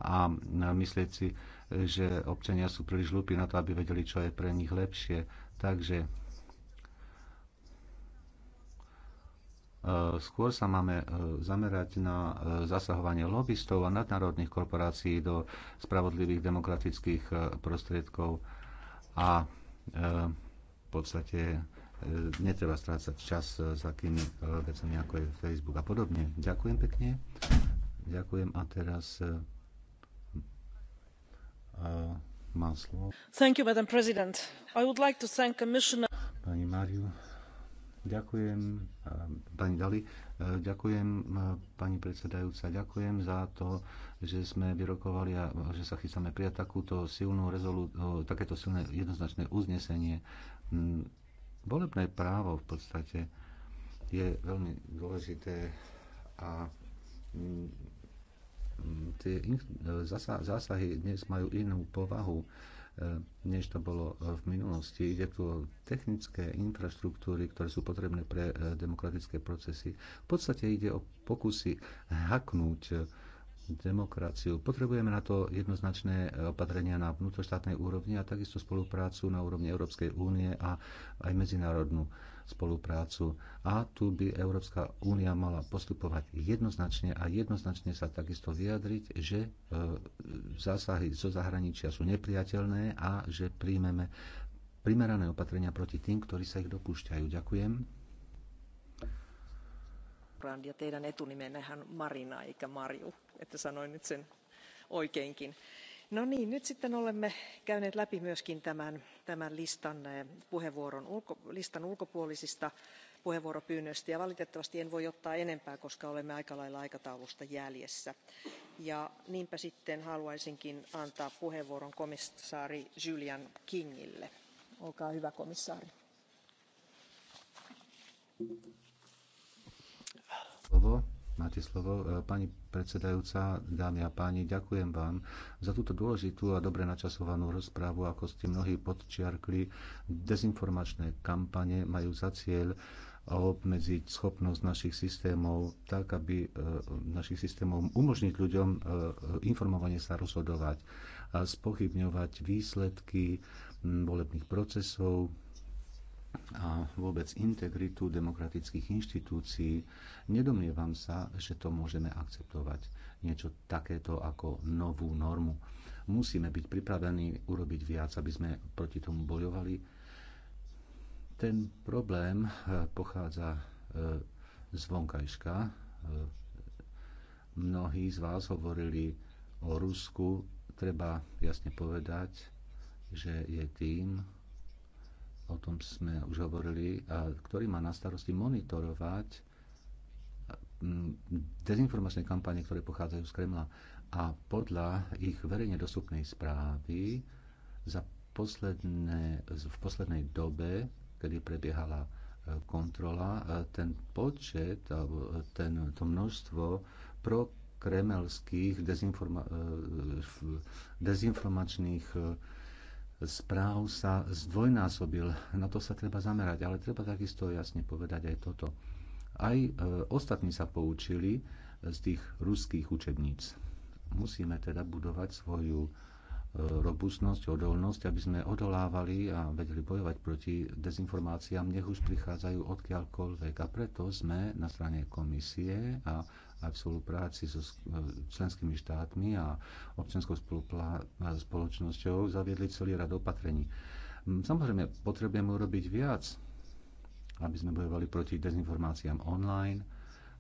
a myslieť si, že občania sú príliš hlúpi na to, aby vedeli, čo je pre nich lepšie. Takže e, skôr sa máme e, zamerať na e, zasahovanie lobbystov a nadnárodných korporácií do spravodlivých demokratických prostriedkov a v podstate netreba strácať čas s takými vecami ako je Facebook a podobne. Ďakujem pekne. Ďakujem a teraz Madam President. I would like to thank Commissioner... Pani Máriu, ďakujem, pani Dali, ďakujem, pani predsedajúca, ďakujem za to, že sme vyrokovali a že sa chystáme prijať takúto silnú rezolu, takéto silné jednoznačné uznesenie. Mm, volebné právo v podstate je veľmi dôležité a mm, Mm, tie zásahy dnes majú inú povahu e, než to bolo v minulosti. Ide tu o technické infraštruktúry, ktoré sú potrebné pre e, demokratické procesy. V podstate ide o pokusy haknúť e, demokraciu. Potrebujeme na to jednoznačné opatrenia na vnútroštátnej úrovni a takisto spoluprácu na úrovni Európskej únie a aj medzinárodnú spoluprácu a tu by Európska únia mala postupovať jednoznačne a jednoznačne sa takisto vyjadriť, že e, zásahy zo zahraničia sú nepriateľné a že príjmeme primerané opatrenia proti tým, ktorí sa ich dopúšťajú. Ďakujem. Ja teidän etunimenehän Marina eikä Marju, että sanoin nyt sen oikeinkin no niin nyt sitten olemme käyneet läpi myöskin tämän, tämän listan eh, puheenvuoron ulko, listan ulkopuolisista puheenvuoropyynnöistä ja valitettavasti en voi ottaa enempää koska olemme aika lailla aikataulusta jäljessä ja niinpä sitten haluaisinkin antaa puheenvuoron komissaari julian kingille. olkaa hyvä komissaari. Slovo. Máte slovo. E, pani predsedajúca, dámy a páni, ďakujem vám za túto dôležitú a dobre načasovanú rozprávu, ako ste mnohí podčiarkli. Dezinformačné kampane majú za cieľ obmedziť schopnosť našich systémov tak, aby e, našich systémov umožniť ľuďom e, informovanie sa rozhodovať a spochybňovať výsledky volebných procesov, a vôbec integritu demokratických inštitúcií, nedomnievam sa, že to môžeme akceptovať. Niečo takéto ako novú normu. Musíme byť pripravení urobiť viac, aby sme proti tomu bojovali. Ten problém eh, pochádza eh, z vonkajška. Eh, mnohí z vás hovorili o Rusku. Treba jasne povedať, že je tým, o tom sme už hovorili, ktorý má na starosti monitorovať mm, dezinformačné kampanie, ktoré pochádzajú z Kremla. A podľa ich verejne dostupnej správy za posledné, v poslednej dobe, kedy prebiehala e, kontrola, e, ten počet, e, ten, to množstvo pro kremelských dezinforma- dezinformačných správ sa zdvojnásobil. Na to sa treba zamerať, ale treba takisto jasne povedať aj toto. Aj e, ostatní sa poučili z tých ruských učebníc. Musíme teda budovať svoju e, robustnosť, odolnosť, aby sme odolávali a vedeli bojovať proti dezinformáciám, nech už prichádzajú odkiaľkoľvek. A preto sme na strane komisie a aj v spolupráci so e, členskými štátmi a občianskou spoločnosťou zaviedli celý rad opatrení. Samozrejme, potrebujeme urobiť viac, aby sme bojovali proti dezinformáciám online,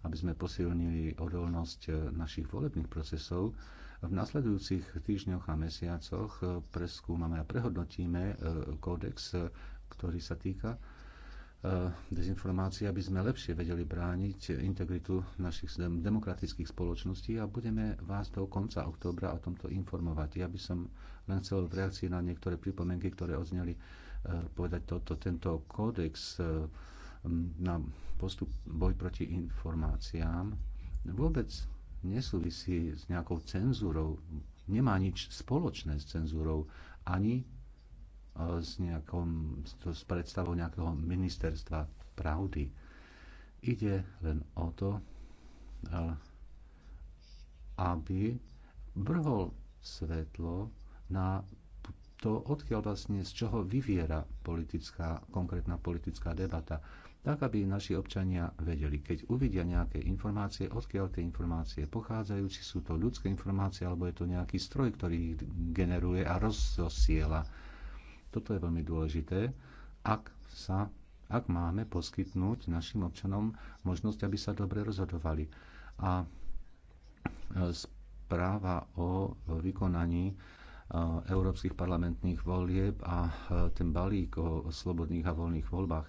aby sme posilnili odolnosť e, našich volebných procesov. V nasledujúcich týždňoch a mesiacoch e, preskúmame a prehodnotíme kódex, ktorý sa týka E, dezinformácií, aby sme lepšie vedeli brániť integritu našich demokratických spoločností a budeme vás do konca októbra o tomto informovať. Ja by som len chcel v reakcii na niektoré pripomienky, ktoré odzneli, e, povedať toto. Tento kódex e, na postup boj proti informáciám vôbec nesúvisí s nejakou cenzúrou, nemá nič spoločné s cenzúrou ani s, nejakom, s predstavou nejakého ministerstva pravdy. Ide len o to, aby vrhol svetlo na to, odkiaľ vlastne z čoho vyviera politická, konkrétna politická debata, tak aby naši občania vedeli, keď uvidia nejaké informácie, odkiaľ tie informácie pochádzajú, či sú to ľudské informácie, alebo je to nejaký stroj, ktorý ich generuje a rozosiela toto je veľmi dôležité, ak, sa, ak máme poskytnúť našim občanom možnosť, aby sa dobre rozhodovali. A e, správa o vykonaní e, európskych parlamentných volieb a e, ten balík o slobodných a voľných voľbách.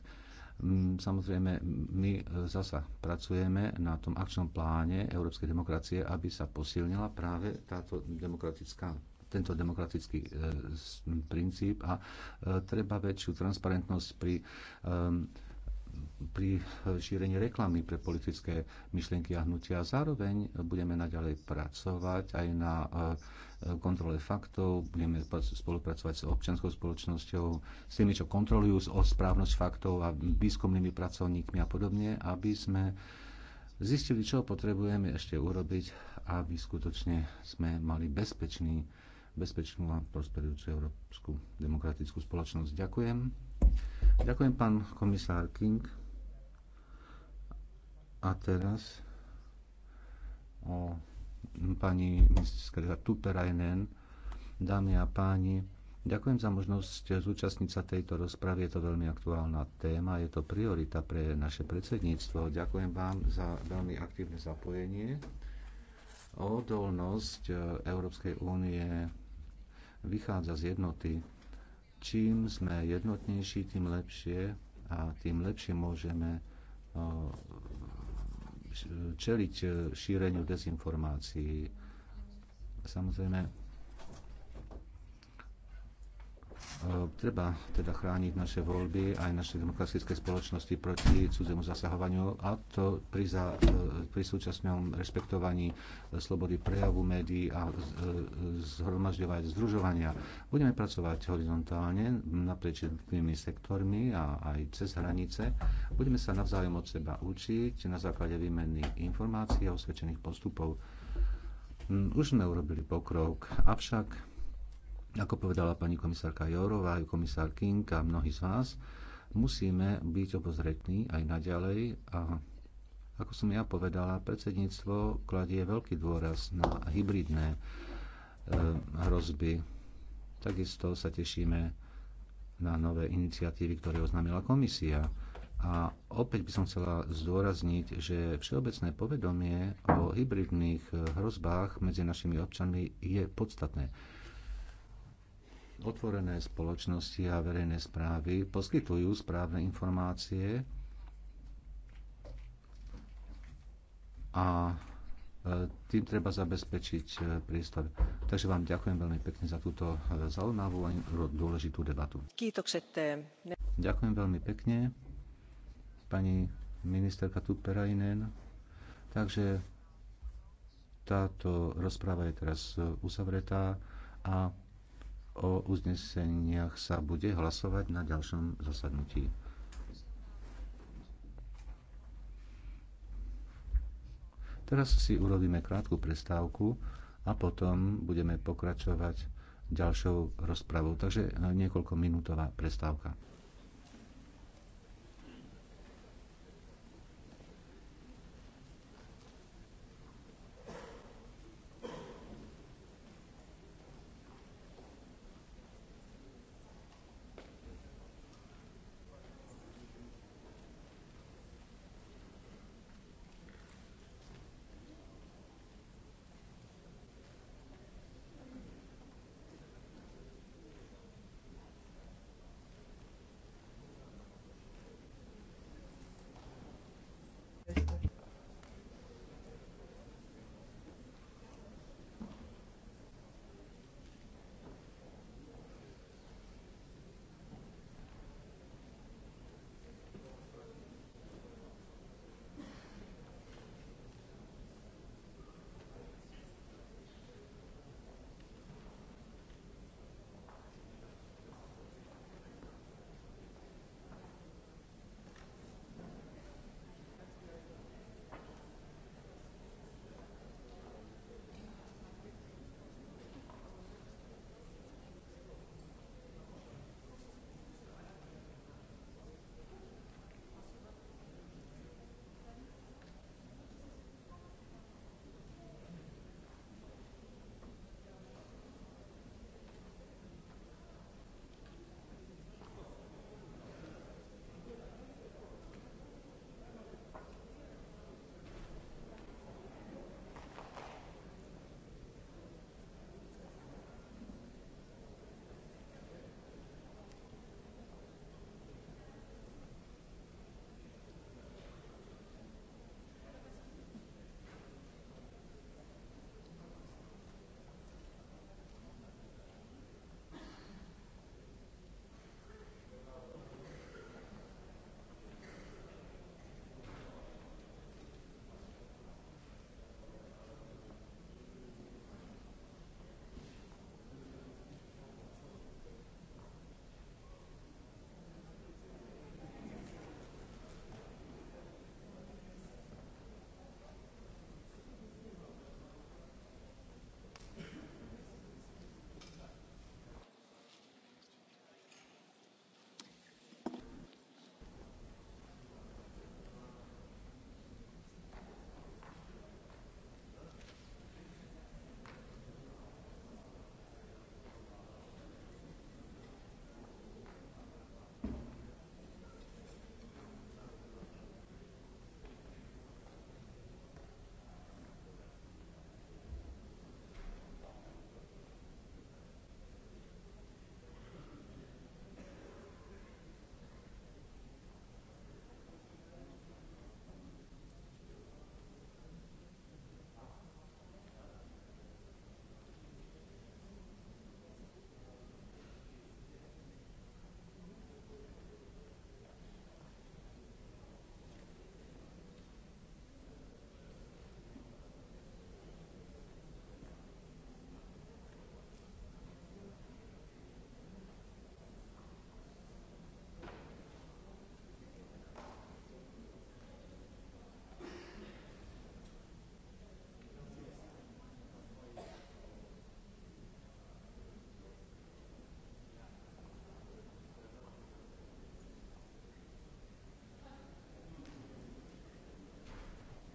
Samozrejme, my zasa pracujeme na tom akčnom pláne európskej demokracie, aby sa posilnila práve táto demokratická tento demokratický e, princíp a e, treba väčšiu transparentnosť pri e, pri šírení reklamy pre politické myšlienky a hnutia. Zároveň budeme naďalej pracovať aj na kontrole faktov, budeme spolupracovať s občianskou spoločnosťou, s tými, čo kontrolujú o správnosť faktov a výskumnými pracovníkmi a podobne, aby sme zistili, čo potrebujeme ešte urobiť, aby skutočne sme mali bezpečný bezpečnú a prosperujúcu európsku demokratickú spoločnosť. Ďakujem. Ďakujem, pán komisár King. A teraz o pani ministerka Tuperajnen, dámy a páni, Ďakujem za možnosť zúčastniť sa tejto rozpravy. Je to veľmi aktuálna téma, je to priorita pre naše predsedníctvo. Ďakujem vám za veľmi aktívne zapojenie. Odolnosť Európskej únie vychádza z jednoty. Čím sme jednotnejší, tým lepšie a tým lepšie môžeme čeliť šíreniu dezinformácií. Samozrejme, Treba teda chrániť naše voľby aj naše demokratické spoločnosti proti cudzemu zasahovaniu a to pri, za, e, pri súčasnom rešpektovaní e, slobody prejavu médií a e, zhromažďovať združovania. Budeme pracovať horizontálne naprieč jednotlivými sektormi a aj cez hranice. Budeme sa navzájom od seba učiť na základe výmeny informácií a osvedčených postupov. Hm, už sme urobili pokrok, avšak ako povedala pani komisárka Jourová, aj komisár King a mnohí z vás, musíme byť obozretní aj naďalej a ako som ja povedala, predsedníctvo kladie veľký dôraz na hybridné e, hrozby. Takisto sa tešíme na nové iniciatívy, ktoré oznámila komisia. A opäť by som chcela zdôrazniť, že všeobecné povedomie o hybridných e, hrozbách medzi našimi občanmi je podstatné. Otvorené spoločnosti a verejné správy poskytujú správne informácie a e, tým treba zabezpečiť e, priestor. Takže vám ďakujem veľmi pekne za túto e, zaujímavú a dôležitú debatu. Ďakujem veľmi pekne, pani ministerka Tuperainen. Takže táto rozpráva je teraz uzavretá a o uzneseniach sa bude hlasovať na ďalšom zasadnutí. Teraz si urobíme krátku prestávku a potom budeme pokračovať ďalšou rozpravou. Takže e, niekoľko minútová prestávka.